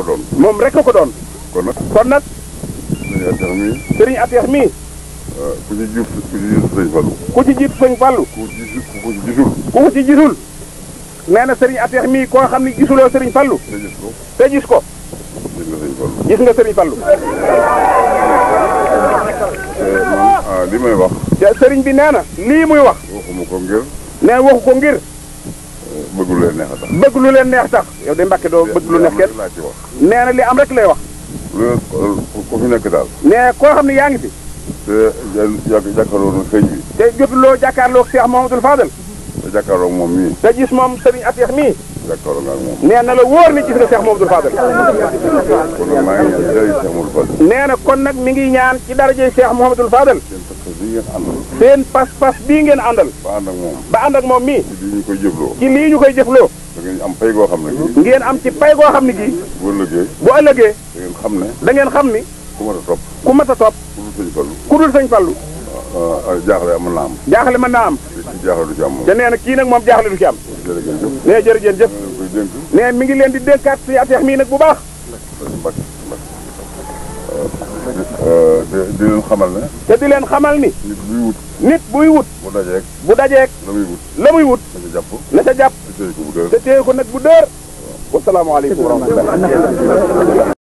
ko doon. moom rek a ko doon. kon nag kon nag. sëriñ Atex mii. sëriñ Atex mii. Ah, ku ci jiitu ku ku ci jiitu sëñ Fallou. ku ci gisul ko ci gisul. nee na sëriñ Atex mii koo xam ne gisuloo sëriñ Fallou. te gis ko te gis nga sëriñ Fallou. Ah, li may wax. sëriñ bi nee na. lii muy wax. waxuma ko ngir. nee waxu ko ngir. bëgg lu leen neex tax. lu leen neex tax yow de Mbàkke doo bëgg lu neex kenn nee na li am rek lay wax. lu ku fi nekk daal. nee koo xam ne yaa ngi fi. te jàkkaarloo na sëñ bi. te jotuloo jàkkaarloo ak Cheikh Mouhamadoul Fadel. te jàkkaarloo moom mii. te gis moom sëriñ Atex mi nee na la wóor ni gis nga Cheikh Mamadou Fadal nee na kon nag mi ngi ñaan ci daraje Cheikh Fadal seen pas-pas bii ngeen àndal ba ànd ak moom ba ànd ak moom mii ci lii ñu koy jëfloo ngeen am pay goo xam ne ngeen am ci pay goo xam ne bu ëllëgee da ngeen xam ku mat a topp ku dul Fallu ah, ah, am du du jërëjëf nee jërëjëf nee mi ngi leen di dénkaat si Cheikh mii nag bu baax uh, te di leen xamal ne te di leen xamal ni nit buy wut nit buy wut bu dajeek bu la muy wut la muy wut na sa jàpp na sa jàpp te téye ko bu dër te téye ko nag bu dër wasalaamaaleykum wa rahmatulah